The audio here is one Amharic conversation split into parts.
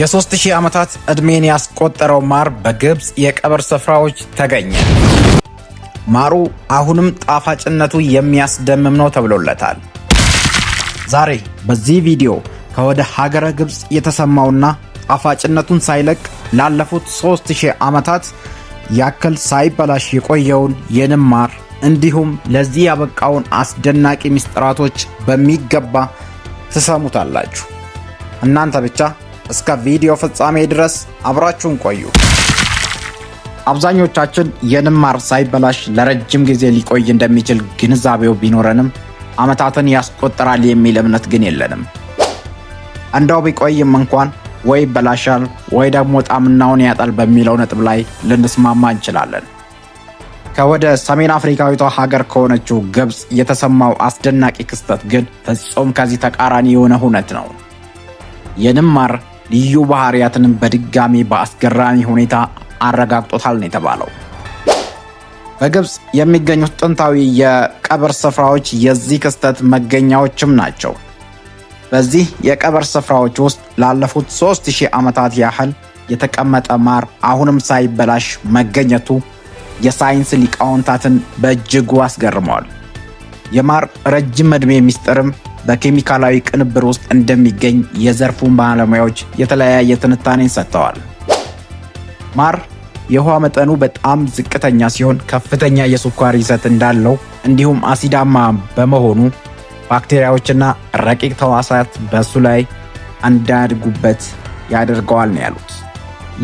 የሶስት ሺህ ዓመታት ዕድሜን ያስቆጠረው ማር በግብፅ የቀብር ስፍራዎች ተገኘ። ማሩ አሁንም ጣፋጭነቱ የሚያስደምም ነው ተብሎለታል። ዛሬ በዚህ ቪዲዮ ከወደ ሀገረ ግብፅ የተሰማውና ጣፋጭነቱን ሳይለቅ ላለፉት ሦስት ሺህ ዓመታት ያክል ሳይበላሽ የቆየውን የንም ማር እንዲሁም ለዚህ ያበቃውን አስደናቂ ምስጢራቶች በሚገባ ትሰሙታላችሁ። እናንተ ብቻ እስከ ቪዲዮ ፍጻሜ ድረስ አብራችሁን ቆዩ። አብዛኞቻችን የንማር ሳይበላሽ ለረጅም ጊዜ ሊቆይ እንደሚችል ግንዛቤው ቢኖረንም ዓመታትን ያስቆጥራል የሚል እምነት ግን የለንም። እንደው ቢቆይም እንኳን ወይ ይበላሻል ወይ ደግሞ ጣምናውን ያጣል በሚለው ነጥብ ላይ ልንስማማ እንችላለን። ከወደ ሰሜን አፍሪካዊቷ ሀገር ከሆነችው ግብፅ የተሰማው አስደናቂ ክስተት ግን ፍጹም ከዚህ ተቃራኒ የሆነ ሁነት ነው። የንማር። ልዩ ባህሪያትንም በድጋሚ በአስገራሚ ሁኔታ አረጋግጦታል ነው የተባለው። በግብፅ የሚገኙት ጥንታዊ የቀብር ስፍራዎች የዚህ ክስተት መገኛዎችም ናቸው። በዚህ የቀብር ስፍራዎች ውስጥ ላለፉት 3000 ዓመታት ያህል የተቀመጠ ማር አሁንም ሳይበላሽ መገኘቱ የሳይንስ ሊቃውንታትን በእጅጉ አስገርመዋል። የማር ረጅም ዕድሜ ሚስጥርም በኬሚካላዊ ቅንብር ውስጥ እንደሚገኝ የዘርፉን ባለሙያዎች የተለያየ ትንታኔን ሰጥተዋል። ማር የውሃ መጠኑ በጣም ዝቅተኛ ሲሆን ከፍተኛ የስኳር ይዘት እንዳለው እንዲሁም አሲዳማ በመሆኑ ባክቴሪያዎችና ረቂቅ ተዋሳት በእሱ ላይ እንዳያድጉበት ያደርገዋል ነው ያሉት።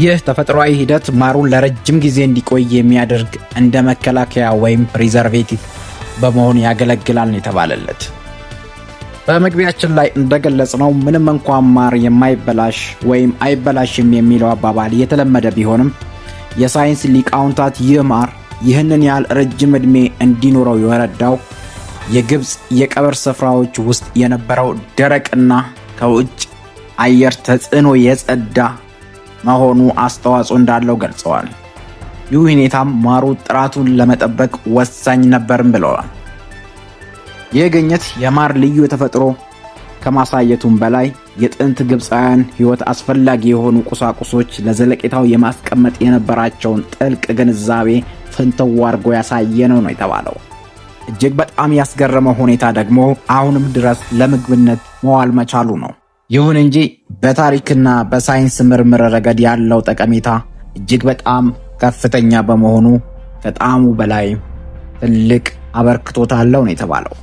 ይህ ተፈጥሯዊ ሂደት ማሩን ለረጅም ጊዜ እንዲቆይ የሚያደርግ እንደ መከላከያ ወይም ፕሪዘርቬቲቭ በመሆን ያገለግላል ነው የተባለለት። በመግቢያችን ላይ እንደገለጽ ነው ምንም እንኳን ማር የማይበላሽ ወይም አይበላሽም የሚለው አባባል የተለመደ ቢሆንም የሳይንስ ሊቃውንታት ይህ ማር ይህንን ያህል ረጅም ዕድሜ እንዲኖረው የረዳው የግብፅ የቀብር ስፍራዎች ውስጥ የነበረው ደረቅና ከውጭ አየር ተጽዕኖ የጸዳ መሆኑ አስተዋጽኦ እንዳለው ገልጸዋል። ይህ ሁኔታም ማሩ ጥራቱን ለመጠበቅ ወሳኝ ነበርም ብለዋል። ይህ ግኝት የማር ልዩ የተፈጥሮ ከማሳየቱም በላይ የጥንት ግብፃውያን ሕይወት አስፈላጊ የሆኑ ቁሳቁሶች ለዘለቄታው የማስቀመጥ የነበራቸውን ጥልቅ ግንዛቤ ፍንትው አድርጎ ያሳየ ነው ነው የተባለው። እጅግ በጣም ያስገረመው ሁኔታ ደግሞ አሁንም ድረስ ለምግብነት መዋል መቻሉ ነው። ይሁን እንጂ በታሪክና በሳይንስ ምርምር ረገድ ያለው ጠቀሜታ እጅግ በጣም ከፍተኛ በመሆኑ ከጣዕሙ በላይ ትልቅ አበርክቶት አለው ነው የተባለው።